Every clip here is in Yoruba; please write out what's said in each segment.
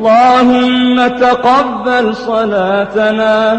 اللهم تقبل صلاتنا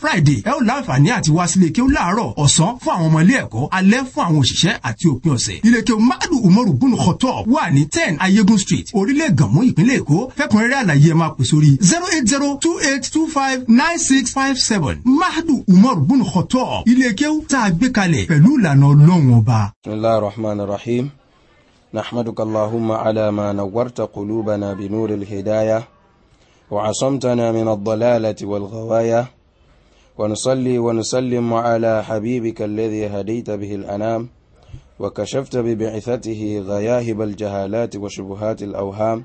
friday ẹ ó láǹfààní àti wá sílé kí ó láàárọ̀ ọ̀sán fún àwọn ọmọ ilé ẹ̀kọ́ alẹ́ fún àwọn òṣìṣẹ́ àti òpin ọ̀sẹ̀ ilé kí o madu umaru bunu kọtọ wà ní ten ayégun street orílẹ̀ gànmú ìpínlẹ̀ èkó fẹ́kùnrẹ́rẹ́ àlàyé ẹ máa pè sórí zero eight zero two eight two five nine six five seven madu umaru bunu kọtọ ilé kí ó tá a gbé kalẹ̀ pẹ̀lú ìlànà ọlọ́run ọba. bisimilahi rahman rahim nahmaduka allahumma ala ma nawarta qulubana binuril hidayah وعصمتنا من الضلالة والغوايا ونصلي ونسلم على حبيبك الذي هديت به الأنام وكشفت ببعثته غياهب الجهالات وشبهات الأوهام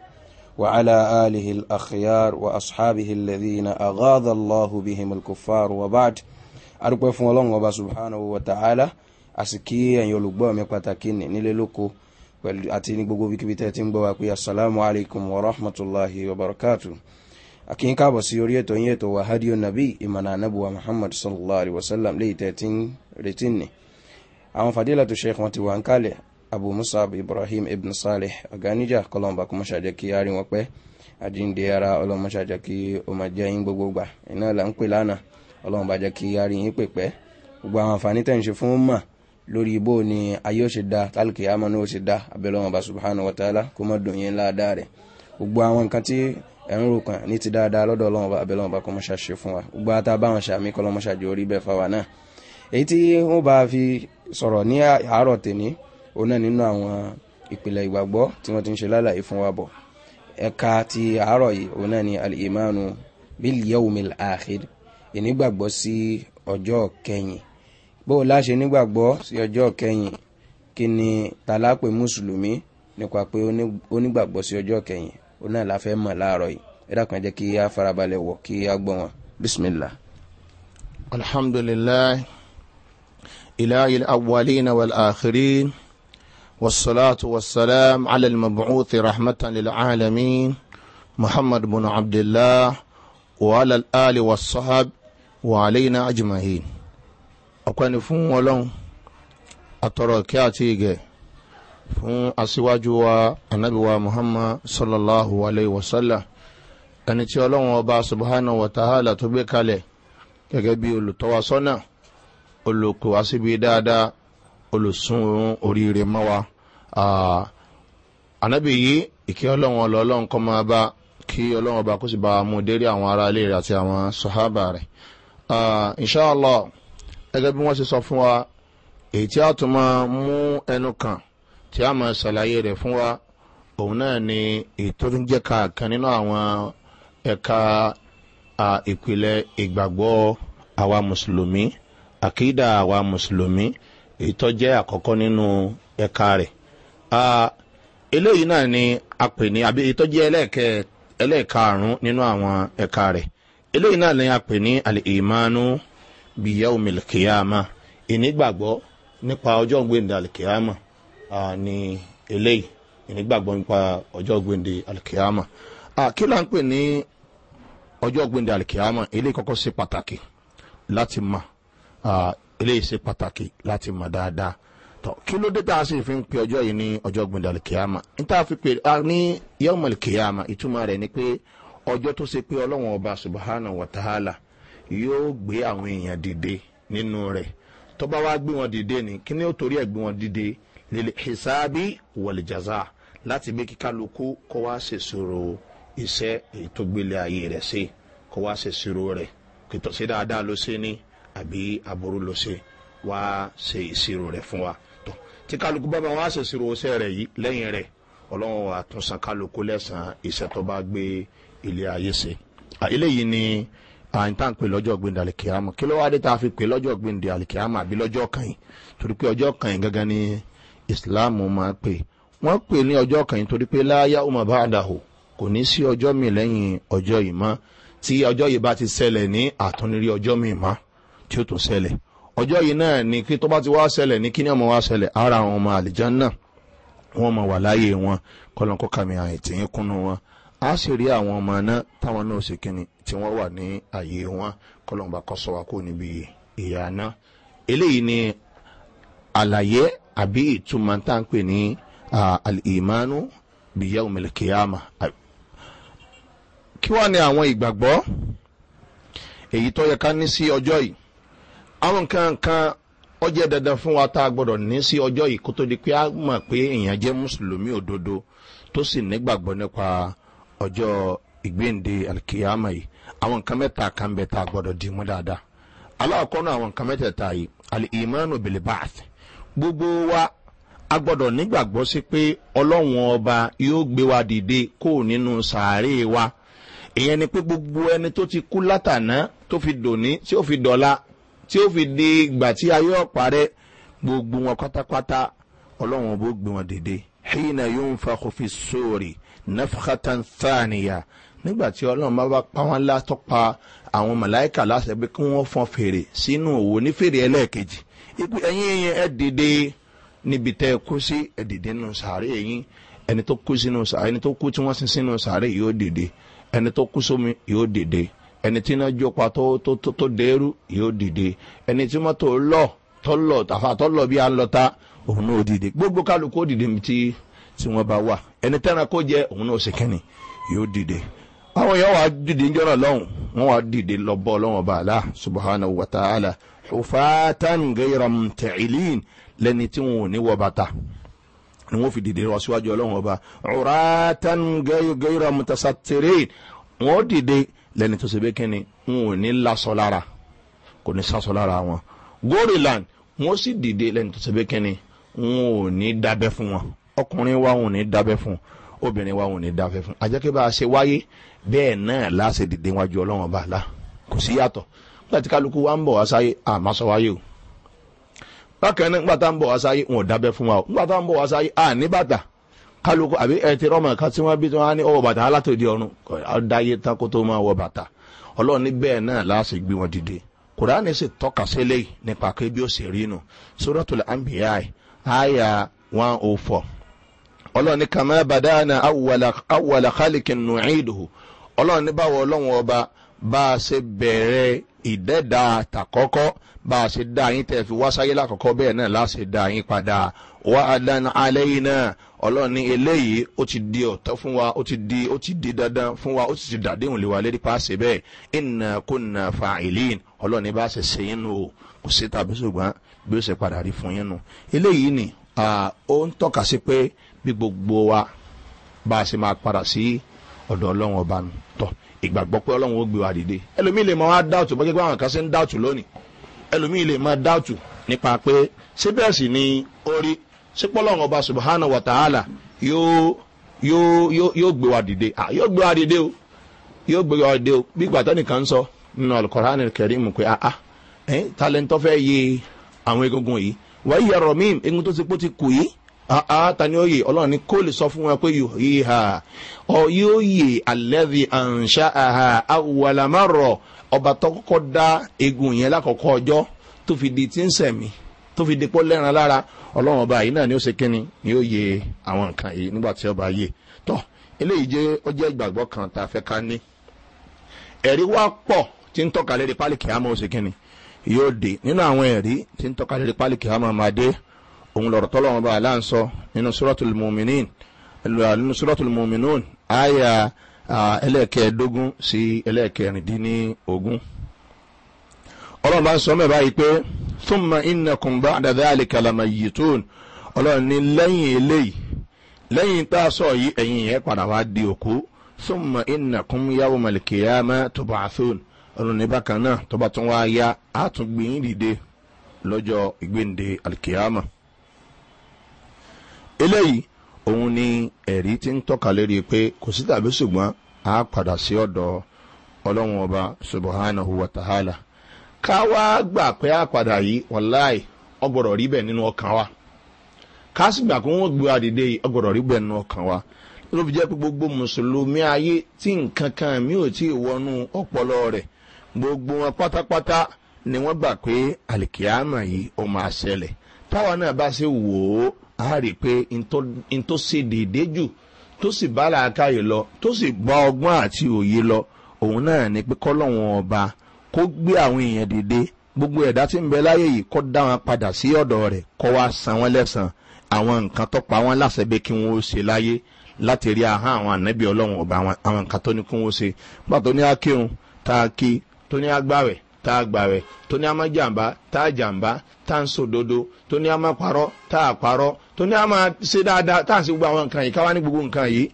وعلى آله الأخيار وأصحابه الذين أغاض الله بهم الكفار وبعد أرقوا فون الله سبحانه وتعالى أسكي أن يلقبوا من نللقوا نللوكو àti ní gbogbo السلام عليكم ورحمة الله وبركاته a káàbọ̀ sí orí ètò yín ètò wa hadiyo nabi ìmọ̀nà anábùwà muhammad sallallahu alaihi wasallam le tẹ̀tí retí ni àwọn fàdílà tó sheikh ti wà ń abu musab ibrahim ibn saleh aganija kọlọmbà kó mọ́ṣájẹ́ kí arin wọn pẹ́ àjíǹde ara ọlọ́mọṣájẹ́ kí ó máa jẹ́ yín gbogbo gbà iná là ń pè lánàá ọlọ́mọba jẹ́ kí arin yín pè pẹ́ gbogbo àwọn àǹfààní tẹ̀ ń ṣe fún mà lórí ibò ni ayé ó ṣe da tálùkì àmọ́ ní ó ṣe da abẹ́lọ́mọba subhanahu wa ta'ala kó mọ́ dùn yín láadáa gbogbo àwọn nǹkan tí ẹ̀rùn rúkan ní ti dáadáa lọ́dọ̀ ọlọ́run bá abẹ́lọ́run bá kọ́mọ́ṣà ṣe fún wa gbogbo ata báwọn ṣàmì kọ́lọ́mọ́ṣà jẹ́ orí bẹ́ẹ̀ fáwa náà èyí tí wọ́n bá fi sọ̀rọ̀ ní àárọ̀ tèmi òun náà nínú àwọn ìpìlẹ̀ ìgbàgbọ́ tí wọ́n ti ń ṣe lálàyé fún wa bọ̀ ẹ̀ka ti àárọ̀ yìí òun náà ni alìmánu bílíọ̀wùmíl àhìr ìnígbàgbọ́ sí ọjọ́ kẹyìn bó o láṣẹ nígbàgbọ́ sí ọjọ́ kẹyìn kí ni tàlápẹ̀ mùsùlùmí nípa pé ó nígbàgbọ́ sí ọjọ́ kẹyìn òun náà la fẹ́ mọ̀ láàárọ̀ yìí ẹ dákun ẹ jẹ́ kí a farabalẹ̀ wọ̀ kí a gbọ́ wọn bisimilah. alhamdulilayi ilayi awalina wal akhirin wasalaatu wasalaam ala mabuuti rahmatan lil caalamiin muhammad bin abdillah wa ala ali wa sahab wa alayna ajmahin ọ̀pẹ́ni fún wọn lọ́n àtọ̀rọ̀ kí fún aṣíwájú wa anabiwa muhammad sallallahu alayhi wa sallam ẹni tí ọlọ́run ọba subahana wa ta'ala tó gbé kalẹ̀ gẹ́gẹ́ bí olùtọ́wasọ́nà olùkọ́ àṣìbí dáadáa olùsùn oríire mọ́wa anabi yìí ìkí ọlọ́run ọlọ́run kọ́ máa bá kí ọlọ́run ọba kó sì bá mú dérí àwọn ará ilé rẹ̀ àti àwọn sọ̀hábà rẹ̀ inṣáàlá gẹ́gẹ́ bí wọ́n ṣe sọ fún wa èyí tí a tún máa mú ẹnu kàn tí a máa ṣàlàyé rẹ̀ fún wa òun náà ni ètò tó ń jẹ́ ká kan nínú àwọn ẹ̀ka ìpìlẹ̀ ìgbàgbọ́ àwa mùsùlùmí àkídà àwa mùsùlùmí ètò jẹ́ àkọ́kọ́ nínú ẹ̀ka rẹ̀ eléyìí náà ni a pè ní àbí ètò jẹ́ ẹlẹ́ẹ̀karùn-ún nínú àwọn ẹ̀ka rẹ̀ eléyìí náà ni a pè ní àlèémánú bìyẹ́ òmìnirikìyàmá ìnígbàgbọ́ nípa ọjọ́ ògbéǹdà àlèkìyàmá ni eléyìí ìnígbàgbọ́ nípa ọjọ́ gbèndé alikiyama kí ló ń pè ní ọjọ́ gbèndé alikiyama eléyìí kọ́kọ́ ṣe pàtàkì láti mọ eléyìí ṣe pàtàkì láti mọ dáadáa tọ kí ló dé tá a sì fi ń pe ọjọ́ yìí ní ọjọ́ gbèndé alikiyama níta fi pe ní yẹ́wọ̀n alikiyama ìtumọ̀ rẹ̀ ni pé ọjọ́ tó ṣe pé ọlọ́wọ̀n ọba subahana wàtàhálà yóò gbé àwọn èèyàn dìde nínú rẹ̀ tọ́ba wa gbé wọn dìde ni kí ni ó torí ẹ̀ gbé wọn dìde lílẹ hisabi wàlìjàzá láti bí kíkálukú kó wá ṣe sòrò iṣẹ èyí tó gbélé ayé rẹ ṣe kó wá ṣe sòrò rẹ kìtọ̀ sí dáadáa ló ṣe ní àbí aburú ló ṣe wá ṣe ìṣirò rẹ fún wa tó tí kálukú bá bá wá ṣe sòrò iṣẹ rẹ yìí lẹ́yìn rẹ ọlọ́run wa tún san kálukú lẹ́sàn-án iṣẹ́ tó bá gbé ilé ayé ṣe eléyìí ni àyíntà ń pè lọ́jọ́ gbẹ̀ndẹ̀ àlìkìyàmù kí ló wá dé tá a fi pè lọ́jọ́ gbẹ̀ndẹ̀ àlìkìyàmù àbí lọ́jọ́ kàn yín torí pé ọjọ́ kàn yín gangan ni islam máa pè wọ́n pè ní ọjọ́ kan torí pé láyà ó máa bá àdàhò kò ní sí ọjọ́ mi lẹ́yìn ọjọ́ yìí mọ́ tí ọjọ́ yìí bá ti ṣẹlẹ̀ ní àtúnrí ọjọ́ mi mọ́ tí ó tún ṣẹlẹ̀ ọjọ́ yìí náà ni kí tó bá ti wá ṣẹlẹ̀ ní kí ọmọ wá ṣẹlẹ̀ ara àwọn ọmọ àlìjá náà wọ́n mọ̀ wà láyé wọn kọ́lọ́nkọ́ kàmì àyè tí ń kúnnú wọn a sì rí àwọn ọmọ náà táwọn náà sì kíni tí wọ́n wà ní àyè wọn kọ́lọ́nkọ́ sọ wa kó níbi ìyá náà eléyìí ni alaye àbí ìtumọ̀ tá n pè ní alìmánu bìyà òmìnirikìyàmà kí wàá ní àwọn ìgbàgbọ́ èyí tó yẹ ká ní sí ọjọ́ yìí àwọn nǹkan kan ó jẹ́ dandan fún wa tá a gbọ́dọ̀ ní sí ọjọ́ yìí kó tó di pé a mọ̀ pé èèyàn jẹ́ mùsùlùmí òdodo tó sì nígbàgbọ́ nípa ọjọ́ ìgbéǹde alikiyama yìí àwọn nǹkan mẹ́ta kan gbogbo wa a gbọ́dọ̀ nígbàgbọ́ sí pé ọlọ́run ọba yóò gbé wa dìde kó nínú sàárè wa ìyẹn ni pé gbogbo ẹni tó ti kú látàná tó fi dòní tí ó fi dọ̀la tí ó fi di ìgbà tí ayé ọ̀pá gbogbo wọn pátápátá ọlọ́run ọba ó gbé wọn dìde hina yóò ń fa kofi sóòrì nafkatan thaniya nígbà tí ọlọ́run bá pa wọn látọ́pa àwọn mọ̀láìkà láṣẹ pé kí wọ́n fọn fèrè sínú òwò ní fèrè ẹlẹ́ẹ̀kejì ipe ẹyin yẹn ẹ dìde níbi tẹ ẹ kó sí ẹ dìde nù sàárè yín ẹni tó kú sínú sàárè ẹni tó kú tí wọ́n sin sínú sàárè yóò dìde ẹni tó kú sómi yóò dìde ẹni tí iná jópa tó tó tó dẹrú yóò dìde ẹni tí mọ́tò lọ tó lọ tàfà tó lọ bí a ń lọ ta òun náà dìde gbogbo kálukú ó dìde tí tí wọ́n bá wà ẹni tẹ́ran kó jẹ òun náà ó yóò dìde àwọn èèyàn wà dìde ń jọ́nà lọ́hùn wà dìde lọ bọ́ ọlọ́wọ́n subahana wa ta'ala hufatan gairam tẹ̀ilin lẹ́ni tí wọn ò ní wọ bàtà ni wọn fi dìde lọ síwájú ọlọ́run ọba uratan gairam tasatirin wọn dìde lẹ́ni tó ṣe bẹ́ẹ̀ kẹ́ni wọn ò ní lasọ lára kò ní sasọ lára wọn goriland wọn sì dìde lẹ́ni tó ṣe bẹ́ẹ̀ kẹ́ni wọn ò ní dábẹ́ fún wọn ọkùnrin wa wọn ò ní dábẹ́ fún obìnrin wa wọn ò ní dábẹ́ fún ajẹ́kẹ́ bá a ṣe wáyé bẹ́ẹ̀ náà láṣẹ dìde wájú ọlọ́run ọba àlá kò sí yàtọ̀ láti kálukú wa ń bọ̀ wá sáyé àmọ́ sọ wáyé o bákan náà ńgbà tá ń bọ̀ wá sáyé wọn ò dábẹ́ fún wa o ńgbà tá ń bọ̀ wá sáyé à ní bàtà kálukú àbí ẹ ti rọmọ ká tí wọn bí tí wọn á ní ọwọ bàtà alátòdì ọrùn ọdáyé tako tó máa wọ bàtà ọlọ́ọ̀ni bẹ́ẹ̀ náà láàṣẹ gbé wọn dìde kùránì sì tọ́ka sílẹ̀ nípa pé bí ó sì rí nu sórọ́tòlá àmbíyá àyà one oh four ọlọ́ọ̀ni kàmá bàdáàna awwala awwala khalikin nùcídùú ọlọ́ọ̀ni báwo ọlọ́wọ́n ọba bá a ṣe bẹ̀rẹ̀ ìdẹ́dà tàkọ́kọ́ bá a ṣe dá yín tẹ̀ fi wá sáyé lákọ̀ọ́kọ́ bẹ́ẹ̀ náà láṣẹ dá yín padà wá adán alẹ́ yìí náà ọlọ́ọ̀ni eléyìí ó ti di ọ̀tọ́ fún wa ó ti di ó ti di dandan fún wa ó sì ti dàdéhùn lé wa lérí paṣẹ bẹ́ẹ̀ ìnà kò nà fa ìlín ọlọ́ọ̀ni bá a ṣe ṣe yín nù o kò sí tàbí ṣùgbọ́n bí ó ṣe padà rí fún yín nù eléyìí ni ó ń tọ́ka sí pé bí gbogbo wa bá a ṣe máa padà sí ọ̀dọ̀ ọlọ́run ọba tọ̀ ìgbàgbọ́ pé ọlọ́run ó gbé wa dìde ẹlòmíì lè máa dáàtù bọ́jẹ́ pé àwọn kan ṣe ń dáàtù lónìí ẹlòmíì lè máa dáàtù nípa pé ṣé sì ni orí ṣé pọ́lọ́run ọba subahana wa ta'ala yóò yóò yóò yóò gbé wa dìde à yóò gbé wa dìde o yóò gbé wa dìde o bí gbàtọ́ nìkan ń sọ nínú alukọ̀rán kẹrìmù pé a ah, a ah, ẹ̀ talẹ̀ ń tọ́ fẹ́ yé àwọn egungun yìí wàá yẹ rọ̀ egun tó ti kú ti kù yìí Aa ah, ah, tani ó yè ọlọ́run ní kó lè sọ fún wọn pé yóò yé ha ọ yóò yè alẹ́bi àǹṣá àhà awùwàlámàrọ̀ ọba tó kọ́kọ́ dá egun yẹn lákọ̀ọ́kọ́ ọjọ́ tó fi di tí ń sẹ̀mí tó fi di pọ́ lẹ́ran lára ọlọ́run ọba yìí náà ni ó ṣe kínni ni ó yè àwọn nǹkan yìí nígbà tí ọba yè tọ́ eléyìí jẹ́ ó jẹ́ ìgbàgbọ́ kan tá a fẹ́ ká ní ẹ̀rí wá pọ̀ tí ń tọ́ka lérí pálíkì àmọ́ ó ṣe kínni yóò òun lọ̀rọ̀ tọ́lọ́wọ́n bá aláǹsọ nínú sọ́rọ̀tù mọ̀mìnún àyà ẹlẹ́ẹ̀kẹ́ẹ̀dógún sí ẹlẹ́ẹ̀kẹ́rìndínlógún. ọlọ́run bá ń sọ mẹ́ba yìí pé túnmọ̀ ìnàkùn bá àdàdà àlìkàlàmà yìí tó ọlọ́run ní lẹ́yìn eléyìí lẹ́yìn tá a sọ yìí ẹ̀yìn yẹn padà wá di òkú túnmọ̀ ìnàkùn yàwó màlìkìyàmà tó bá a tó ọlọ́run ní bákan náà lọ́jọ́ ìgbéǹde àlìkìyàmà. eléyìí òun ni ẹ̀rí ti ń tọ́ka lérí pé kò sí tàbí ṣùgbọ́n a padà sí ọ̀dọ̀ ọlọ́run ọba subahánahu wàtàhálà ká wá gbà pé a padà yìí wàláì ọgbọ̀rọ̀ rí bẹ́ẹ̀ nínú ọkàn wa ká sì gbà pé wọ́n gbé àdìde nínú ọkàn wa ló fi jẹ́ gbogbo mùsùlùmí ayé tí nǹkan kan mi ò wọnú ọpọlọ gbogbo wọn a rí i pé n tó ṣe déédéé jù tó sì bá làákàyè lọ tó sì gbọ́ ọgbọ́n àti òye lọ òun náà ni pé kọ́lọ́hún ọba kó gbé àwọn èèyàn dìde gbogbo ẹ̀dá tí ń bẹ láyé yìí kọ́ dá wọn padà sí ọ̀dọ̀ rẹ̀ kọ́ wá san wọn lẹ́sàn àwọn nǹkan tó pa wọn láṣẹ bẹ́ẹ̀ kí wọ́n ó ṣe láyé láti rí ahọ́n àwọn ànábì ọlọ́run ọba àwọn nǹkan tó ní kí wọ́n ó ṣe pàtó ní akírun tá a kí tó ní agbáwẹ̀ tá a gbàwẹ̀ tó ní a máa jàǹbá tá a jàǹbá tá a ń sòdodo tó ní a máa parọ́ tá a parọ́ tó ní a máa ṣe dáadáa tá a ń ṣe gbogbo àwọn nǹkan yìí káwá ní gbogbo nǹkan yìí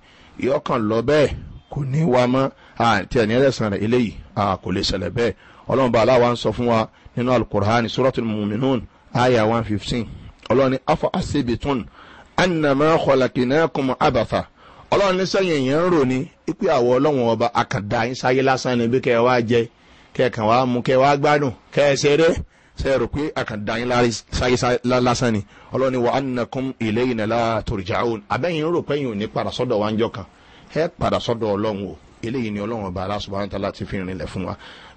ìyọkàn lọ bẹ́ẹ̀ kò ní wa mọ́ àti ẹni ẹlẹ́sàn rẹ̀ eléyìí a kò lè ṣẹlẹ̀ bẹ́ẹ̀ ọlọ́run bá aláwa ń sọ fún wa nínú alukur'an suratul muminun aya one fifteen ọlọ́run ní afa asebetun anamọ kọlakinakum abatha ọlọ́run ní sẹ́yìn yẹn ń rò ní ipe àwọ̀ ọlọ́run ọba àkàndá yín lásán ni bí ẹ wá jẹ́ kẹkàn wá mú kẹ wá gbádùn kẹ ẹ ṣeré ṣe rò pé àkàndá yín sáyé lásán ni ọlọ́ni wa anakun ilé yìí nàlá tòrìjà òun abẹ́yìn rò pé yìí ò ní padà sọ́dọ̀ wa ń jọ ẹ padà sọ́dọ̀ ọlọ́run o eléyìí ni ọlọ́run ọba aláṣọ bá ń tala ti fi fún wa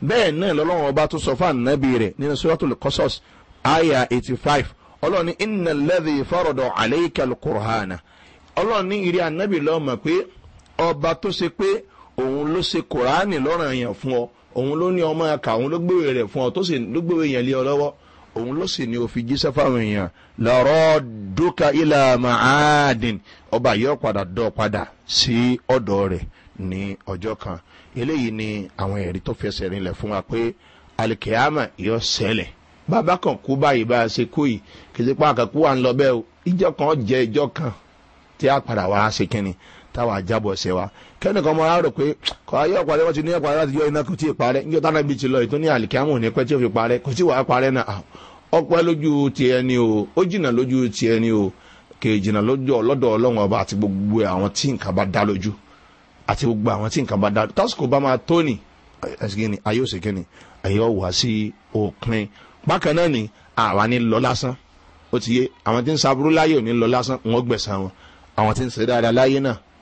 bẹ́ẹ̀ náà lọ́lọ́run ọba tó sọ fún ànábì rẹ̀ nínú sọ́tòlù kọ́sọ́s àyà eighty five ọlọ́ni iná lẹ́dí fọ́rọ̀dọ̀ àlẹ́kẹ́lù kùrọ̀hánà ọlọ́ni ìrì ànábì lọ́mọ pé ọba tó ṣe pé òun ló ṣe kùránì lọ́rọ̀ yẹn fún ọ òun ló ní ọmọ ẹ̀ka òun ló gbéwèé rẹ̀ fún ọ tó sì ló gbéwèé yẹn lé ọ lọ́wọ́ òun ló sì ní o fi jíṣẹ́ fáwọn èèyàn lọ́rọ́ dúkà ilà màádìn ọba yóò padà dọ́ padà sí ọ̀dọ́ rẹ̀ ní ọjọ́ kan eléyìí ni àwọn ẹ̀rí tó fẹsẹ̀ rinlẹ̀ fún wa pé alikiyama yóò sẹlẹ̀ bàbá kan kú báyìí bá a ṣe kú yìí kìsì pa àkàkú wa ń lọ bẹ́ẹ̀ o ìjọ kan jẹ́ ìjọ kan tí a padà wá ṣe kínni táwa jábọ̀ ṣe wa kẹ́nìkan mọ́ra rò pé kọ́ ayé ọ̀parẹ́ wọ́n ti ní ọ̀parẹ́ láti yọ iná kò tí ì parẹ́ ní ọ̀tá náà bí ti lọ ìtún ní àlìkámù ní pẹ́ tí ó fi parẹ́ kò tí wàá parẹ́ náà ọpẹ́ lójú ti ẹni o ó jìnà lójú ti ẹni o kè jìnà lójú ọlọ́dọ̀ ọlọ́run ọba àti gbogbo àwọn tí nǹkan bá dá lójú àti gbogbo àwọn tí nǹkan bá dá tásìkò bá máa tó nì ayé òsè kínni ayé ni àwa ní lọ lásán ó ti yé àwọn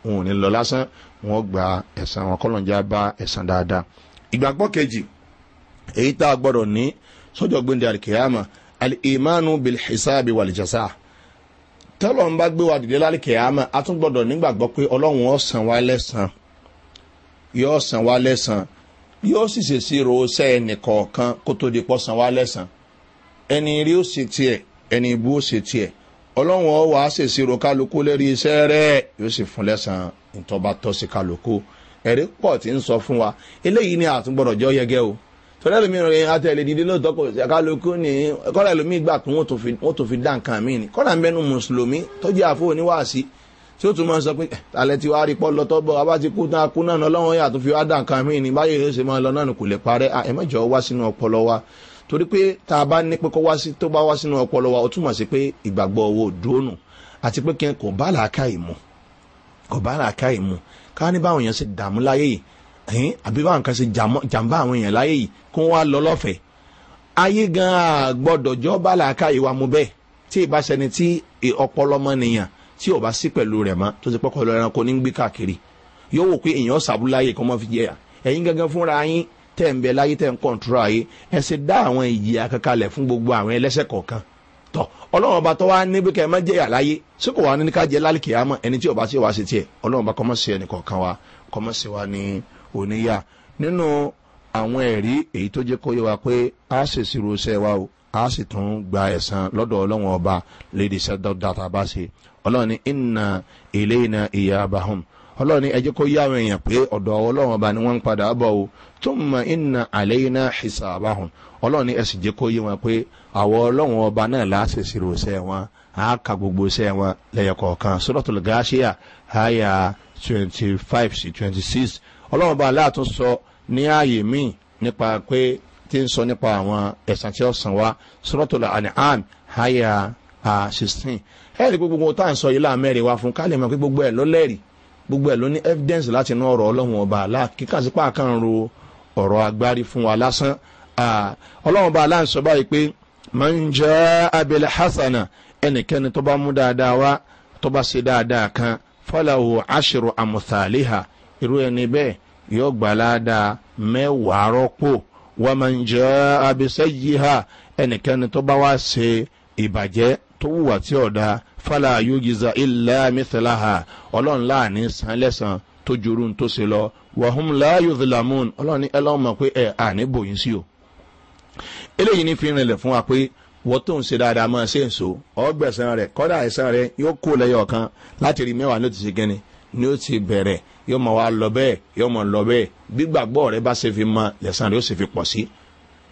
ò wọn gba ẹ̀sán wọn kọ́lọ̀njá bá ẹ̀sán dáadáa. ìgbàgbọ́ kejì èyí tá a gbọ́dọ̀ ní sọ́jọ́ gbẹ̀ndẹ̀ àlìkèyàmà alìmánu bilhisabi wàlìjàsá tẹ́lọ̀ ń bá gbé wa dìde lálìkèyàmà a tún gbọ́dọ̀ nígbàgbọ́ pé ọlọ́run ó san wá lẹ́sàn yóò san wá lẹ́sàn yóò sì ṣèṣì ro ṣẹ́ ẹnìkọ̀ọ̀kan kó tó di pọ́ san wá lẹ́sàn ẹni rí ó ṣe tiẹ̀ ẹni ibú ó ṣe tiẹ̀ ọlọ́run ó wàá ṣèṣì ro kálukú lérí iṣẹ́ rẹ̀ yóò sì fún lẹ́sàn ìtọ́ba tọ́ sí kálukú ẹ̀rí pọ̀ tí ń sọ fún wa eléyìí ni àtúngbọ̀dọ̀ jọ yẹgẹ o torí ẹlòmíràn yẹn àtẹ̀lé dídí lóòótọ́ kò sí kálukú ni kọ́lá ẹlòmíì gbà pé wọ́n tó fi dá nǹkan mí ni kọ́lá mẹ́nu mùsùlùmí tọ́jú àfọ oníwàásí tí ó tún máa ń sọ pé eh, alẹ́ tí wàá rí pọ́ lọ tọ́bọ̀ abá ti kú tán akú náà lọ́wọ́ yà tó fi wá dá nǹkan mí ni báyìí yóò ṣe máa lọ náà kò lè parẹ́ ẹ̀mẹ́jọ wá sínú ọpọlọ wa torí pé tá a bá ní pé kó wá sí tó bá wá sínú ọpọlọ wa ó túmọ̀ sí pé ìgbàgbọ́ owó dúró àti pé kí n kò bá làákà ìmọ̀ kọ̀bá làákà mu ká ní báwọn èèyàn ṣe dààmú láyé yìí ẹ̀hìn àbí báwọn kan ṣe jàǹbá àwọn èèyàn láyé yìí kó wá lọ lọ́fẹ̀ẹ́ ayé gan gbọ́dọ̀ jọ́ bá làákà ìwà mu bẹ́ẹ̀ tí ìbá ṣẹni tí ọpọlọ mọ nìyàn tí ò bá sí pẹ̀lú rẹ̀ mọ́ tó ti pọ́kọ̀ lọ ẹranko ní gbé káàkiri yóò wò pé èèyàn ṣàbú láyé kọ́ mọ́ fi jẹyà ẹ̀yin gangan fúnra yín tẹ̀ ń bẹ láyé tẹ̀ ń kọ̀ǹtúrà yé ẹ ṣe dá àwọn ìyè akankalẹ̀ fún gbogbo àwọn ẹlẹ́sẹ̀ kọ̀ọ̀kan tọ ọlọ́run ọba tó wá ní pé kẹ́ ẹ má jẹ́ yà láyé sí kò wá ní ká jẹ́ lálùkì àmọ́ ẹni tí ọba sí wa ṣe tiẹ̀ ọlọ́run ọba kọ́mọ́sí ẹnì kọ̀ọ̀kan wa kọ́mọ́sí wa ní oníyà nínú àwọn ẹ̀rí èyí tó jẹ́ kó yẹ wa pé a sì ṣírò iṣẹ́ wa o a sì tún gba ẹ̀sán lọ́dọ̀ ọlọ́run ọba lédi iṣẹ́ dáta bá ṣe ọlọ́run ní ìnà ilé ìnà ìyá abahun ọlọ́run ní ẹjẹ́ kó yá àwọn èèyàn pé ọ̀dọ̀ ọlọ́run ọba ni wọ́n ń padà bọ̀ o tó mọ ìnà àlẹ́ ìnà ìṣàbáhùn ọlọ́run ní ẹ̀sìn jẹ́ kó yé wọn pé àwọ̀ ọlọ́run ọba náà láṣẹ sí ròṣẹ́ wọn á ka gbogbo ṣẹ́ wọn lẹ́yọkọ̀ọ̀kan sọ́dọ̀tò gáṣíà àyà twenty five sí twenty six ọlọ́run ọba aláàtún sọ ní ààyè míì nípa pé tí ń sọ nípa àwọn ẹ̀sán tí ó sàn wá sọ́dọ̀tò àníhàn àyà sixteen ẹ̀rí gbogbo ohun tá à ń sọ yìí láàmẹ́rin wá fún kálí mọ̀ pé gbogbo ẹ̀ ló lẹ́rìí evidence láti inú ọ̀rọ̀ ọlọ́run ọba aláà kíkà sípà kan ro ọlọ́run bá aláǹsọ báyìí pé máa ń jẹ́ abilẹ̀ hasana ẹnikẹ́ni tó bá mú dáadáa wá tó bá ṣe dáadáa kan fọláwo aṣèrò àmùsàlẹ́hà irú ẹni bẹ́ẹ̀ yóò gbà ládàá mẹ́wàá rọ́pò wọ́n máa ń jẹ́ abisẹ́ yìí ha ẹnikẹ́ni tó bá wá ṣe ìbàjẹ́ tó wùwà tí ọ̀dà fọlá yóògìza ilẹ̀ mẹ́tẹ̀láhà ọlọ́run láàánú san lẹ́sàn tó jurú tó ṣe lọ wàhùn láàyò vilamun ọlọ́run ní ẹlọ́mọ pé ẹ̀ àníbòyìn sí o eléyìí ní fi rinlẹ̀ fún wa pé wọ́n tó ń ṣe dáadáa máa ṣe ń so ọgbẹ̀sán rẹ̀ kọ́dà ẹ̀sán rẹ̀ yóò kó lẹ́yọ̀ kan láti rí mẹ́wàá ní ó ti ṣe gẹ́ni ní ó ti bẹ̀rẹ̀ yóò mọ̀ wá lọ bẹ́ẹ̀ yóò mọ̀ lọ bẹ́ẹ̀ gbígbàgbọ́ rẹ̀ bá ṣe fi mọ lẹ́sán rẹ̀ ó sì fi pọ̀ sí.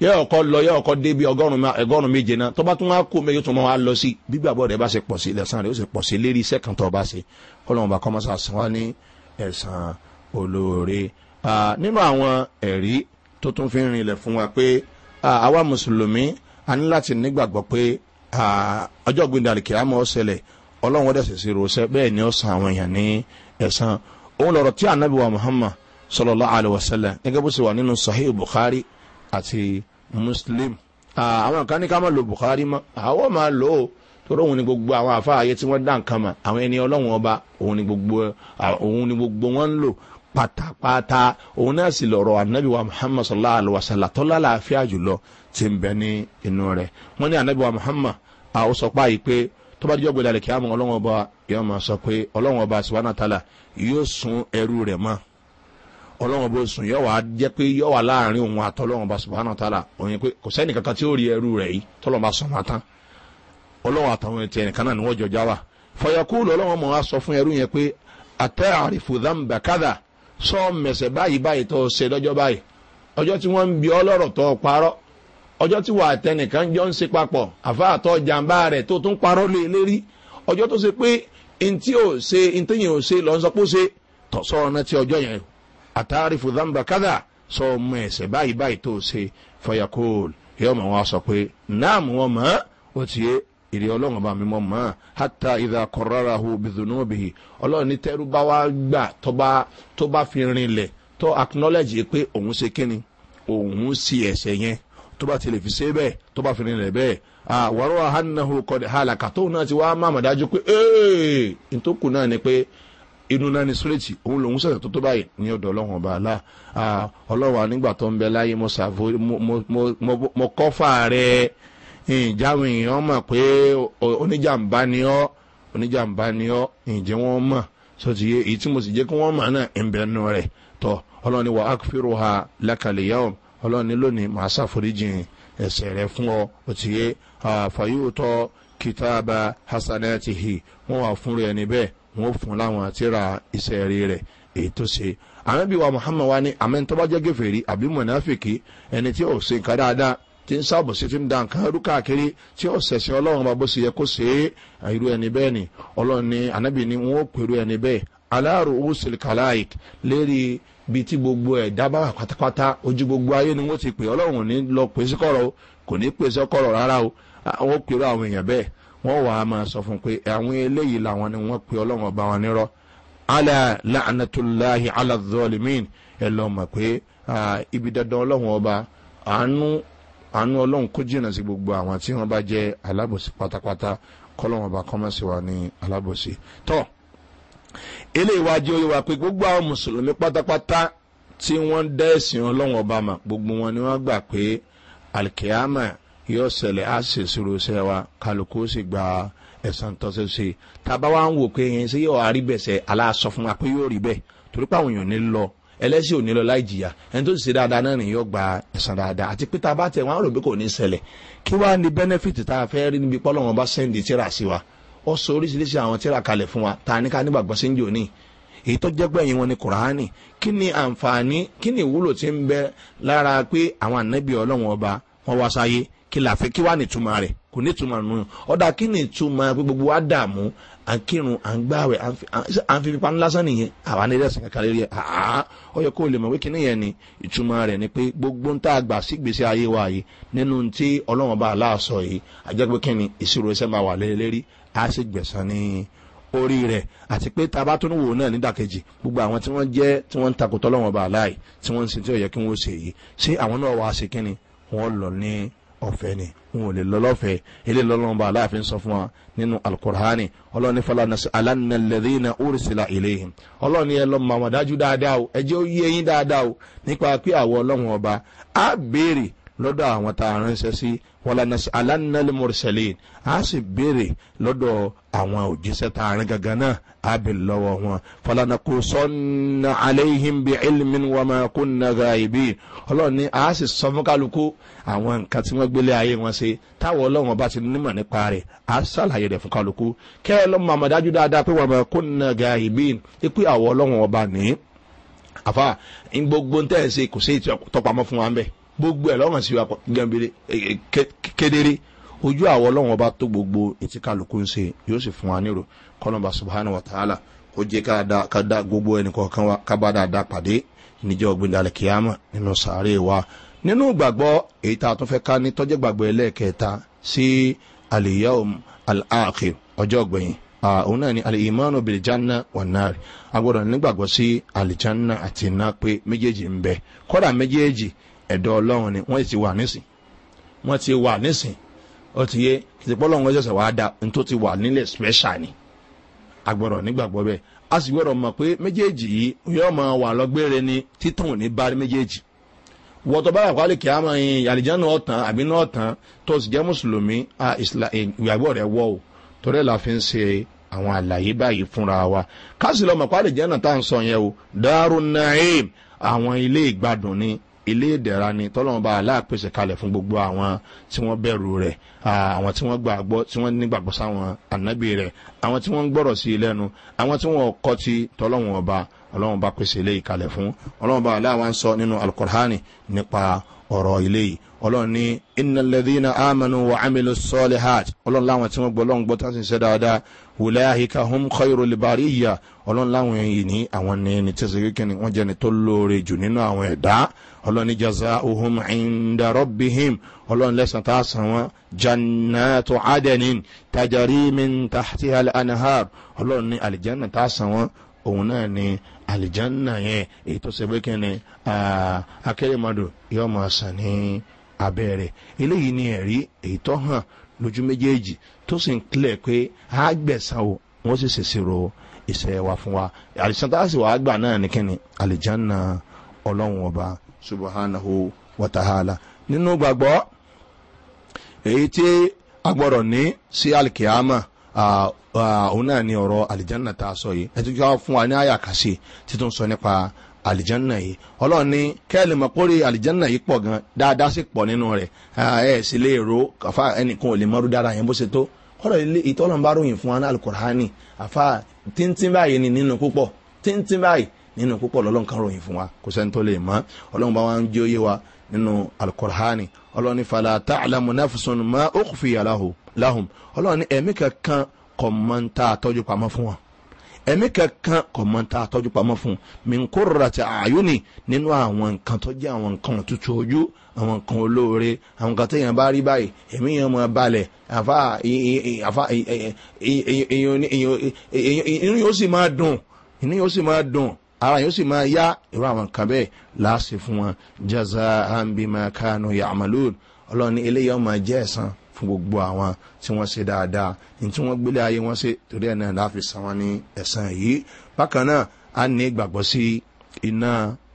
yóò ọkọ lọ yóò ọkọ débi ọgọ́rùn-ún méje náà tó bá tún wá kó méje tó mọ̀ wá lọ sí gbígbàgbọ́ rẹ̀ bá ṣe pọ̀ sí lẹ́sán rẹ̀ ó sì pọ̀ sí lérí iṣẹ́ kan tó bá ṣe ọlọ́run àwa mùsùlùmí a ní láti nígbàgbọ́ pé ọjọ́ gbìndà kìámọ́ ọ̀sẹ̀lẹ̀ ọlọ́run ọdẹ ṣèṣe rọṣẹ bẹ́ẹ̀ ni ó san àwọn èèyàn ní ẹ̀sán òun lọ̀rọ̀ tí anabi wa muhammad sọlọ́lá alẹ́wọ̀sẹ̀lẹ̀ gẹ́gẹ́ bó ṣe wà nínú sahih bukhari àti muslim àwọn kan ní ká má lo bukhari mọ́ àwọn máa lò ó torí òun ni gbogbo àwọn àfáàyè tí wọ́n dá nǹkan mọ̀ àwọn ẹni ọlọ́run ọba òun ni gbogbo wọn ń lò pátápátá òun náà sì lọ̀rọ̀ anabi muhammad sallallahu alaihi wa sallam tọ́lá làáfíà jùlọ ti ń bẹ ní inú rẹ̀ wọ́n ní anabi muhammad àwọn sọ pa yìí pé tó bá dijọ́ gbẹdàlẹ̀ kí á mọ ọlọ́wọ́n ọba yóò máa sọ pé ọlọ́wọ́n ọba subahana tala yóò sun ẹrú rẹ̀ mọ́ ọlọ́wọ́n bó sun yóò wá jẹ́ pé yóò wá láàrin òun àti ọlọ́wọ́n ọba subahana tala òun pé kò sẹ́ni kankan tí ó rí ẹrú rẹ̀ yìí tọ́lọ́ bá sọ̀mọ́ tán ọlọ́wọ́n àtàwọn ẹ̀tì ẹnìkan náà ni wọ́n jọjá wa fọyàkúlù ọlọ́wọ́n mọ̀ wá sọ fún ẹrú yẹn pé àtẹ́ àrífù dánbà kádà sọ mẹ̀sẹ̀ báyìí báyìí tó ṣe lọ́jọ́ báyìí ọjọ́ tí wọ́n ń bi ọlọ́rọ̀ tó parọ́ ọjọ́ tí wà àtẹnìkan jọ ń ṣe papọ̀ àfáàtọ̀ jàǹbá rẹ̀ tó tún parọ́ lé lérí ọjọ́ tó ṣe pé ntí ò ṣe ntéyìn ò ṣe lọ́ ń sọ pé ó ṣe tọ̀ sọ ọ̀nà tí ọjọ́ yẹn àtàrífù dàmbà kádà sọ ọmọ ẹ̀sẹ̀ báyìí báyìí tó ṣe fọyàkóòlù yọmọ wọn sọ pé náà mọ̀ wọn mọ̀ ó ti yé ìrì ọlọ́run ọba mi mọ́ ha hátà ìdá kọ̀rọ̀rà hu bìtùnú òbí ọlọ́run ní tẹ́rù bá wá gbà tó bá fi rinlẹ̀ tó acknowledge pé òun ṣe kíni òun sì ẹ̀ṣẹ̀ yẹn tó bá ti fi ṣe bẹ́ẹ̀ tó bá fi rinlẹ̀ bẹ́ẹ̀ ahánahu kọ̀dẹ̀ tóun ti wá dájú pé ee ntòkù náà ni pé inú náà ni sírètì òun lòun ọba ọlọ́run nígbà tó ń bẹ láyé mo ìjáwìn èèyàn mọ̀ pé oníjàmbá ni ọ́ oníjàmbá ni ọ́ ìjẹ́ wọn mọ̀ sọtì yé èyí tí mo sì jẹ́ kí wọ́n mọ̀ náà ń bẹ̀ nù rẹ̀ tọ́ ọlọ́ni wà á fẹ́rù ha lákàlẹ̀ yá o ọlọ́ni lónìí màá ṣàforíjìn ẹ̀sẹ̀ rẹ̀ fún ọ òtí yé àfàyòótọ́ kìtàbà hasanatihi wọn wà fún rẹ̀ níbẹ̀ wọn fún láwọn àtìrà iṣẹ́ rí èyí tó ṣe àmọ́ bí wa muhammad wa ni àmọ́ ní tọ́bajẹ́ gẹ̀fẹ̀rí àbí mọ̀nàfìkì ẹni tí ò ṣe nǹkan dáadáa tí ń sábòsí fi ń da nǹkan rú káàkiri tí ó sẹ̀sìn ọlọ́run bá bó ṣe yẹ kó ṣe é irú ẹni bẹ́ẹ̀ ni ọlọ́run ni ànábì ni wọ́n ó pèrú ẹni bẹ́ẹ̀ aláàrò òsèlè kàláìk lérí bíi tí gbogbo ẹ̀ dábàá pátápátá ojú gbogbo ayé ni wọ́n ti pè ọlọ́run ní lọ pè sí kọ̀rọ̀ o kò ní pè sí kọ̀rọ̀ rárá o wọ́n pèrú àwọn èèyàn bẹ́ẹ̀ wọ́n wà á máa sọ fún pé àwọn eléyìí làwọn ni wọ́n pè ọlọ́run ọba wọn nírọ́ alẹ́ làánàtúláhi alàzọ́ọ̀lìmín ẹ lọ́ọ́ mọ̀ pé ibi dandan ọlọ́run ọba àánú àánú ọlọ́run kó jìnnà sí gbogbo àwọn tí wọ́n bá jẹ́ alábòsí pátápátá kọ́lọ́wọ́n bá kọ́mọ́sí wa ní alábòsí. tọ́ eléyìí wá jẹ́ oyè wa pé gbogbo àwọn mùsùlùmí pátápátá tí wọ́n dá ẹ̀sìn ọlọ́run ọba mà gbogbo wọn ni wọ́n gbà pé alikiyama yóò ṣẹlẹ̀ á sì ṣòro ṣẹ́ wa kálukú sì gba ẹ̀sán tọ́sẹ̀ ṣe tábà wá ń wò pé ẹ̀yìn sí yóò rí bẹ̀ sẹ́ aláṣọ fún wa pé yóò rí bẹ́ẹ̀ torí pé àwọn èèyàn ní lọ ẹlẹ́sìn ò ní lọ láì jìyà ẹni tó sì ṣe dáadáa náà nìyọ́ gba ẹ̀sán dáadáa àti pété abá tẹ̀ á rò pé kò ní ṣẹlẹ̀ kí wàá ní bẹ́nẹ́fìtì tá a fẹ́ rí níbi pọ́lọ́ bá sẹ́ndì tíra sí wa ó sọ oríṣiríṣi àwọn tíra kalẹ̀ fún wa ta ní ká nígbàgbọ́ sí njò ní èyí tó jẹ́gbẹ́ yìí wọn ni kùránì kí ni àǹfààní kí ni ìwúlò ti ń bẹ lára pé àwọn ànábì ọlọ́wọ́n ọba wọn wá sáyé kí làfẹ́ kí wàá nítumọ̀ rẹ̀ kò nítumọ̀ nù ọ̀dà kí ni gbogbo wa dààmú à ń kírun à ń gbáwẹ̀ à ń fi fipá lásán nìyẹn àwa ní ẹ̀sìn kankan lérí ẹ̀ àá ó yẹ kó o lè mọ̀ pé kíní yẹn ni ìtumọ̀ rẹ̀ ni pé gbogbo ń tá a gbà sígbèsè ayé wa yìí nínú tí ọlọ́run bá a láàsọ yìí àjẹ́ pé kíni ìṣirò iṣẹ́ máa wà lérí á sì gbẹ̀sán ní orí rẹ̀ àti pé tá a bá wò náà nídàkejì gbogbo àwọn tí wọ́n jẹ́ tí wọ́n ń takòtọ́ ọlọ́run bá a láì tí wọ́n ń sin tí ò yẹ kí wọ́n ṣe yìí ọ̀fẹ́ ni n ò lè lọ lọ́fẹ̀ẹ́ ilé lọ́lọ́run bá aláàfin sọ fún wa nínú alukur'ani ọlọ́run fọlá alánàlẹ́rì na orísìlá ìléyìn ọlọ́run yẹn lọ́mọ àwọn dájú dáadáa o ẹjẹ́ ó yé eyín dáadáa o nípa pé àwọ̀ ọlọ́run ọba á béèrè lọ́dọ̀ àwọn tá a ránṣẹ́ sí wàlànà alánàlẹ́ mọ̀rẹ́sẹ̀lẹ̀ a sì béèrè lọ́dọ̀ àwọn òjíṣẹ́ tá a rán gangan náà a bèrè lọ́wọ́ wọn falana kò sọ́nà aláìhìn bí ilmin wàmà kò nàgà ìbí ọlọ́run ni a sì sọ fún kálukú àwọn nǹkan tí wọ́n gbélé ayé wọn ṣe táwọn ọlọ́run ọba ti nímọ̀ nípa rẹ̀ a ṣàlàyé rẹ̀ fún kálukú kẹ́ ẹ lọ́mọ àmọ̀dájú dáadáa pé wàmà kò nàgà ìbí ipò àwọn ọlọ́run ọba ní àfa gbogbo ntẹ́ ṣe kò sí ìtọ́pamọ́ fún wa ń bẹ́ẹ̀ gbogbo ẹ̀ lọ́mọ̀ sí wa gẹ̀mbẹ̀rẹ̀ e, e, kedere ojú àwọ̀ ọlọ́wọ́n bá tó gbogbo etí kálukú ń se yóò sì fún wa nírò kọ́nọ̀bà subhanahu wa ta'ala ó jẹ́ ká dá gbogbo ẹnì kọ̀ọ̀kan wa ká bá dáadáa pàdé níjẹ́ ọ̀gbìn dalẹ̀ kíámà nínú sàárè wa nínú gbàgbọ́ èyí tá a tún fẹ́ ká ní tọ́jẹ́ gbàgbọ́ ẹlẹ́ẹ̀kẹta sí aliyahum al-akhir ọjọ́ ọ̀gbẹ̀yìn òun náà ni alìmánu bìlìjánná wọ̀nárì agbọ́dọ̀ nígbàgbọ́ sí alìjánná àti iná pé méjèèjì ń bẹ kọ́dà méjèèjì ẹ̀dọ́ ọlọ́run ni wọ́n ti wà nísìn wọ́n ti wà nísìn ó ti yé kìtìpọ́ ọlọ́run ẹ̀sẹ̀ wàá da ní tó ti wà nílẹ̀ special ni agbọ̀rọ̀ nígbàgbọ́ bẹ́ẹ̀ a sì gbọ́dọ̀ mọ̀ pé méjèèjì yìí yóò máa wà lọ́gbére ni títàn ní bá méjèèjì wọ́tọ̀ bá wàhálì kí a máa yin àlìjánu ọ̀tàn àbí náà tán tó sì jẹ́ mùsùlùmí ìgbàgbọ́ rẹ̀ wọ́ o torí la fi ń ṣe àwọn àlàyé báyìí fúnra wa káàsì lọ́mọ̀ pàdé jẹ́ náà tá à ń sọ yẹn o dárò naim àwọn ilé ìgbádùn ni ilé ìdẹ̀ra ni tọ́lọ́wọ́n bá aláàpèsè kalẹ̀ fún gbogbo àwọn tí wọ́n bẹ̀rù rẹ̀ àwọn tí wọ́n gbàgbọ́ tí wọ́n nígbàgbọ́ sáwọn ànábì rẹ̀ àwọn tí wọ́n ń gbọ́rọ̀ sí lẹ́nu àwọn tí wọ́n kọ́ ti tọ́lọ́wọ́n ọba ọlọ́wọ́n bá pèsè ilé ìkalẹ̀ fún ọlọ́wọ́n bá aláwa ń sọ nínú alukur'ani nípa ọ̀rọ̀ ilé yìí ọlọ́run ní iná lẹ́dínà àmàlù wà ámìlú ọlọ́run láwọn tí wọ́n gbọ́ ọlọ́run gbọ́ tá a sì ń ṣe dáadáa wùláhìkà hum kọ́ìrò libariya ọlọ́run láwọn èyí ní àwọn ní ẹni tí ṣe kékeré wọ́n jẹ́ni tó lóore jù nínú àwọn ẹ̀dá ọlọ́run jaza ohun ẹ̀ńdàrọ́bìhìm ọlọ́run lẹ́sàn tá a sàn wọ́n jannatu adenin tajarimin tahti al-anahar ọlọ́run ní alijanna tá a sàn wọ́n òun náà ni alijanna yẹn èyí tó ṣe kékeré akérèmọdò yóò máa sàn ní abẹ́rẹ́ eléyìí ni ẹ̀rí èyí tó hàn lójú méjèèjì tó sì ń kílẹ̀ pé a gbẹ̀sán o wọ́n sì ṣèṣirò ìṣẹ́ wa fún wa àdìsán tá a sì wàá gbà náà ní kíni àlìjánná ọlọ́run ọba subahánahu wàtàhálà nínú gbàgbọ́ èyí tí a gbọ́dọ̀ ní sí alikiyama òun náà ní ọ̀rọ̀ àlìjánná tá a sọ yìí ẹ ti jọ fún wa ní àyàkàṣe títún sọ nípa àlìjánná yìí ọlọ́run ní kẹ́lì mọ̀ pórí àlìjánná yìí pọ̀ gan dáadáa sì pọ̀ nínú rẹ̀ ẹ sì lè ro kàfá ẹnìkan ò lè mọ́rú dára yẹn bó ṣe tó kọ́rọ̀ ilé ìtọ́lọ́n bá ròyìn fún anáàlù kùránì àfa tíntín báyìí ni nínú púpọ̀ tíntín báyìí nínú púpọ̀ lọ́lọ́n kan ròyìn fún wa kò sẹ́ni tó lè mọ́ ọlọ́run bá wa ń jí óyé wa nínú alukur'ani ọlọ́run fàlà tá àlàmù náfùsùn má ó fi yàrá hù láhùn ọlọ́run ẹ̀mí kankan kọ̀ mọ́ ń ta àtọ́jú pamọ́ fún wọn ẹ̀mí kankan kò mọ ta tọ́jú pamọ́ fún mi n kó rọra ti àyóni nínú àwọn nǹkan tó jẹ́ àwọn nǹkan tuntun ojú àwọn nǹkan olóore àwọn nǹkan téèyàn bá rí báyìí ẹ̀mí yẹn mọ balẹ̀ àfa àfa inú yóò sì máa dùn inú yóò sì máa dùn ara yóò sì máa yá irú àwọn nǹkan bẹ́ẹ̀ láàṣì fún wọn jaza hanbi makano yamalud ọlọ́ni eléyàwó máa jẹ́ ẹ̀sán fún gbogbo àwọn tí wọ́n ṣe dáadáa ní tí wọ́n gbélé ayé wọ́n ṣe torí ẹ̀ náà láfi san wọn ní ẹ̀sán yìí bákan náà a ní ìgbàgbọ́ sí iná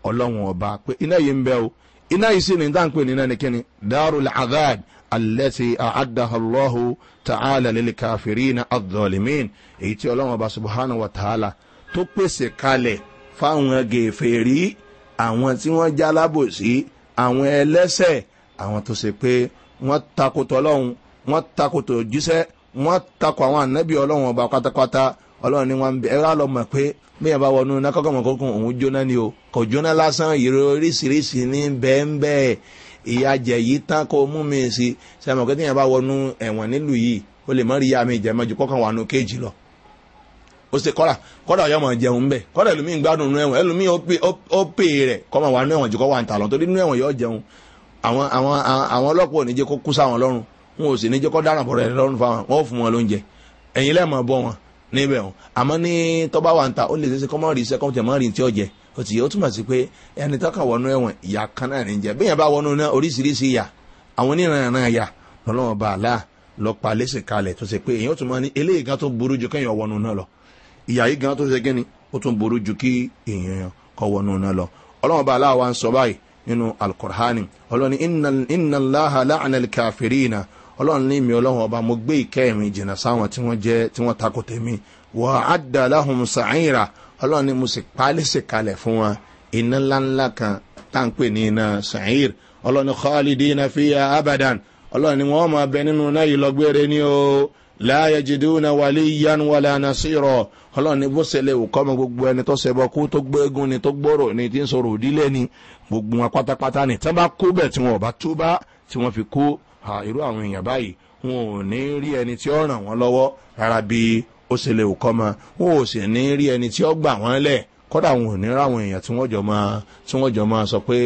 ọlọ́run ọba pé iná yìí ń bẹ́ o iná yìí sì ní dáńpé nínú ni kíni dáàrú làdáàd alẹ́tì àádàhàlọ́hù tààlà lílì káfírí na adọ́límìn èyí tí ọlọ́run ọba subahana wa tààlà tó pèsè kalẹ̀ fáwọn gèfèrí àwọn tí wọ́n já lábòsí àwọn ẹlẹ́sẹ̀ àwọn tó ṣe pé wọ́n takòtò ọlọ́run wọ́n takòtò jíṣẹ́ wọ́n takò àwọn ànábì ọlọ́run ọba pátápátá ọlọ́run ni wọ́n ẹ̀rọ àlọ́mọ̀ pé bẹ́ẹ̀ bá wọnú iná kọ́kọ́mọ̀ kókùn òun jóná ni o kò jóná lásán ìró oríṣiríṣi ní bẹ́ẹ̀nbẹ́ẹ̀ ìyàjẹ̀ yìí tán kó mú mi sí sẹ́mọ̀ kí tíyẹn bá wọnú ẹ̀wọ̀n nílùú yìí ó lè mọ́ rí ya mi jẹ̀mọ́ ju kọ́kàn wà nù kéèjì lọ ó ṣe kọ́ra kọ́ra ọ̀yọ́ mọ̀ jẹun bẹ́ẹ̀ kọ́ra ẹlòmíín gbádùn nù ẹ̀wọ̀n ẹlòmíín ó pè rẹ̀ kọ́mọ̀ wà nù ẹ̀wọ̀n jù kọ́ wà ń tà lọ torí nù ẹ̀wọ̀n yóò jẹun àwọn àwọn àwọn ọlọ́pàá ò ní jẹ́ kó kú sáwọn lọ́rùn wọn ò sì ní jẹ́ kó dáràn bọ̀rẹ̀ lọ́rùn fáwọn wọn ò fún wọn lóúnjẹ ẹ̀yin lẹ́ẹ̀mọ́ bọ́ wọn níbẹ̀ wọn àmọ́ ní tọ́ba wa ń ta ó lè ṣe kọ́ mọ́ rí iṣẹ́ kọ́ tẹ̀ mọ́ rí tí ó jẹ ó ti yẹ ó túmọ̀ sí pé ẹni tọ́ka wọnú ẹ̀wọ̀n ìyá kan náà ní jẹ bí yẹn bá wọnú náà oríṣiríṣi ìyà àwọn oníranran ìyà lọ́lọ́wọ́ bá àlá lọ nínú alukur'ani ọlọ́ni ìnàláha láàánà káfírí iná ọlọ́run ní mi ọlọ́run ọba mo gbé ìkẹ́ mi jìnnà sáwọn tí wọ́n jẹ́ tí wọ́n takò tèmi wà á dà láhùn sàáyìnrà ọlọ́run ní mo sì pálí sí kalẹ̀ fún wọn iná ńláńlá kan tá à ń pè ní iná sàáyìr ọlọ́run ní kọ́lídé iná fi ya abadan ọlọ́run ní wọ́n máa bẹ nínú náà yìí lọ́gbére ní o láàyè jìdúnà wàlí yanu wàlá nasírọ̀ ọlọ́run ní bó ṣẹlẹ̀ òkọ́ mọ gbogbo ẹni tó ṣẹbọ kú tó gbẹ́gun ni tó gbòòrò ni tí ń sọ̀rọ̀ òdílé ni gbogbo wọn pátápátá ni tí wọn bá kó bẹ́ẹ̀ tí wọn ò bá tó bá tí wọn fi kó irú àwọn èèyàn báyìí wọn ò ní rí ẹni tí ó ràn wọn lọ́wọ́ rárá bí ó ṣe lè kọ́ ma wọn ò sì ní rí ẹni tí ó gbà wọ́n lẹ̀ kọ́dà àwọn ò ní ráwọn èèyàn tí wọ́n jọ máa tí wọ́n jọ máa sọ pé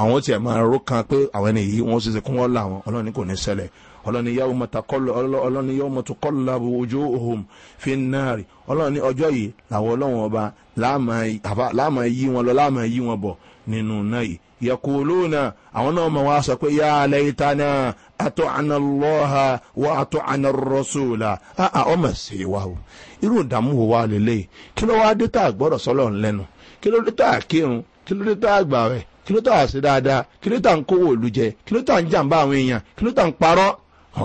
àwọn tiẹ̀ máa ró kan pé àwọn ẹni yìí wọ́n ṣe ṣe kí wọ́n là wọn ọlọ́run kò ní ṣẹlẹ̀ ọlọ́ni yàwó mọ̀tàkọ́lọ́ ọlọ́ni yàwó mọ̀tàkọ́lábù ojú ohun fi ń náàrí ọlọ́ni ọjọ́ yìí làwọn ọlọ́wọ́n ọba láàmà yí wọn lọ láàmà yí wọn bọ̀ nínú náà yìí yẹkùlónà àwọn náà mọ̀ wá sọ pé yà á lẹ́yìn tánà àtọ̀ àná lọ́ha wà àtọ̀ àná rọ́ṣùlà àà ọmọ sí wa o irú ìdààmú wo wà lélẹ̀ kí ló wá dé tá a gbọ́dọ̀ sọ́lọ̀ ńlẹ́nu kí ló dé tá a kírun kí ló dé tá a gbàwẹ̀ kí ló tá a sí dáadáa kí ló tá a ń kówó òlu kí ló tá a ń jàǹbá àwọn èèyàn kí ló tá a ń parọ́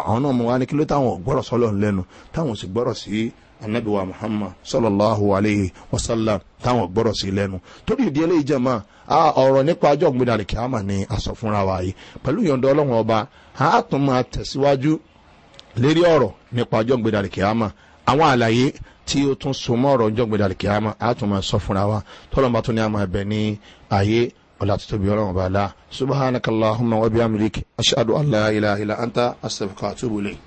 àwọn náà mo wá ní kí ló táwọn gbọ́rọ̀ sọ́lọ̀ lẹ́nu táwọn sì gbọ́rọ̀ sí anabiwa muhammad sallallahu alayhi wa sallam táwọn gbọ́rọ̀ sí lẹ́nu torí ìdí eléyìí jẹ́ máa a ọ̀rọ̀ nípa ajọ́ ògbìn àlèkè àmà ni aṣọ fúnra wa yìí pẹ̀lú ìyọ̀ǹda ọlọ́run ọba a tún máa tẹ̀síwájú lérí ọ̀rọ̀ nípa ajọ́ ògbìn àlèkè àmà àwọn àlàyé tí ó tún so mọ́ ọ̀rọ̀ ọjọ́ ògbìn àlèkè a tún máa sọ fúnra wa tọ́lọ́mọba tún ní àmà ẹ̀bẹ̀ ní ayé ọlá tó tóbi ọlọ́run bá la subhanakallahumma wa bihamdik ashadu alla ilaha illa anta astaghfiruka wa atubu ilayk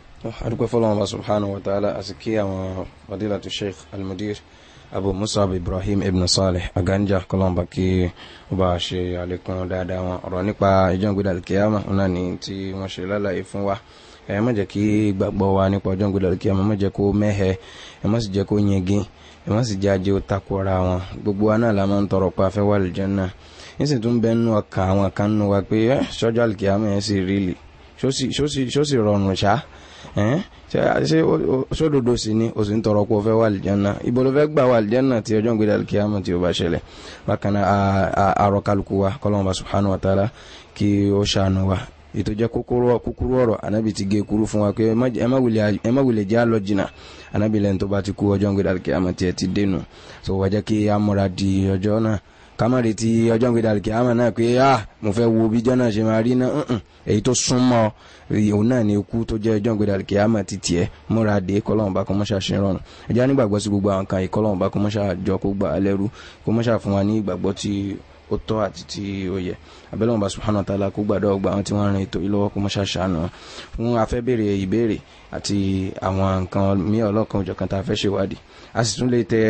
adúgbò fọlọ́wọ́n bá subhanahu wa ta'ala àti kí àwọn fadilatu sheikh almudir abu musab ibrahim ibn saleh aganja kọlọ́mbà kí ó bá ṣe àlékún dáadáa wọn ọ̀rọ̀ nípa ìjọ ìgbéda kìáma ọ̀nà ni tí wọ́n ṣe lálàyé fún wa ẹ má jẹ́ kí gbàgbọ́ wa nípa ọjọ́ ìgbéda kìáma má jẹ́ kó mẹ́hẹ ẹ má sì jẹ́ kó yẹgin ẹ má sì jẹ́ ajé ó takora wọn gbogbo wa náà la máa ń tọrọ pa afẹ́wàlì jẹ́ náà nísìnyí tó ń bẹ nínú ọkàn àwọn kan nínú wa pé eh, ṣọ́jọ́ àlùkìyàmọ̀ yẹn sì rílì ṣó sì rọrùn ṣá ṣé sódodo sí ni o sì ń tọrọ pé o fẹ́ wà àlìjánná ibo ló fẹ́ gbà wà àlìjánná tí ọjọ́ ìgbéra àlùkìyàmọ̀ tí o bá ṣẹlẹ̀ bákan náà àrọ kálukú wa kọ́lọ́mọba subhanahu wa ta'ala kí ó ṣàánú wa ètò jẹ kúkúrú ọ̀rọ̀ anabi ti gé kúrú fún wa pé ẹ má wulẹ̀ já lọ jìnnà anabi lẹ́nu tó bá ti kú ọjọ́ ń gbé dàkẹ́ àmọ́ tiẹ̀ ti dénú so wàá jẹ́ kí amúra di ọjọ́ náà Kama retí ọjọ́ ìgbéda lè kí àmọ́ náà pé ah mo fẹ́ wo bí jọ́nà ṣe máa rí náà èyí tó súnmọ́ òun náà ni ikú tó jẹ́ ọjọ́ ìgbéda lè kí àmọ́ ti tiẹ̀ múra dé kọ́lọ́hún bá kọ́mọ́ṣà ṣe rọrùn ẹja nígbàgbọ́ sí gbogbo àwọn kan ìkọ́lọ́hún bá kọ́mọ́ṣà jọ kó gbà á lẹ́rú kọ́mọ́ṣà fún wa ní ìgbàgbọ́ tí ó tọ́ àti tí ó yẹ abẹ́lẹ́wọ̀n bá subhanahu wa ta'ala kó gbàdọ̀ ọgbà àwọn tí wọ́n rin ètò ìlọ́wọ́ kó mọ́ṣá ṣàánú fún afẹ́bèrè ìbéèrè àti àwọn nǹkan mí ọlọ́kan òjọ̀kan tá a fẹ́ ṣèwádìí a sì tún lè tẹ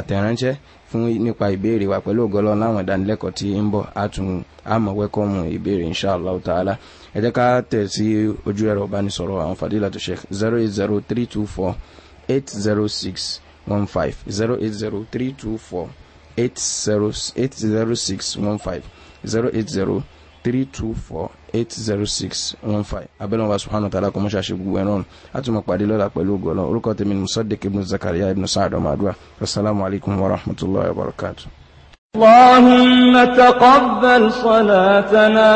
àtẹ̀ránṣẹ́ fún nípa ìbéèrè wa pẹ̀lú ògọ́lọ́ láwọn ìdánilẹ́kọ̀ọ́ tí ń bọ̀ á tún àmọ́ wẹ́kọ̀mù ìbéèrè inṣàlá ta'ala ẹ jẹ́ ká tẹ̀ sí ojú ẹ̀rọ ìbánisọ̀rọ̀ àwọn fàdílà tó ṣe zero eight zero three two four eight zero six one five zero eight zero three two four eight zero eight zero six one five zero eight zero three two four eight zero six one five abẹ́lẹ́ wa subhanahu wa ta'ala kò mọ́ ṣàṣe gbogbo ẹ̀rọ ọ̀hún pàdé lọ́la pẹ̀lú gọ́lọ́ orúkọ tèmi ni musaddiq ibn zakariya ibn sa'ad ọmọdúà asalaamualeykum wa rahmatulahi wa barakatu. اللهم تقبل صلاتنا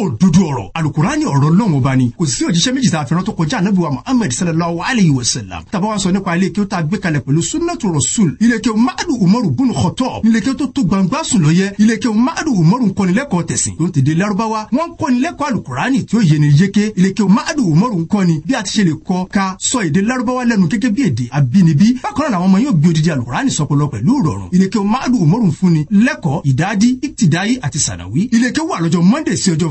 òdodo ọ̀rọ̀ alukurani ọ̀rọ̀ lọ́wọ́ bá ni kò sí òjíṣẹ́ méjì tá a fẹ́ràn tó kọjá anabiwa muhammed sallallahu alayhi wa sallam tàbá wa sọ nípa ilé kí ó kalẹ̀ pẹ̀lú sunnatu rasul ilé madu umaru bunu kọtọ ilé kí ó tó tó gbangba sùn lọ yẹ ilé madu umaru nkọnilẹ́kọ̀ọ́ tẹ̀sìn tó ń tẹ̀dé larubawa wọn kọnilẹ́kọ̀ọ́ alukurani tí ó yẹ ni yeke ilé madu umaru nkọni bí a ti ṣe lè kọ ka sọ èdè larubawa lẹ́nu gẹ́gẹ́ bí èdè abínibí bákan náà làwọn ọmọ yóò gbé odidi alukurani sọpọlọ pẹ̀lú rọrùn ilé kí madu umaru fúnni lẹ́kọ̀ọ́ ìdádi ìtìdáyé àti sànàwí ilé kí ó wà lọ́jọ́ monday sí ọjọ́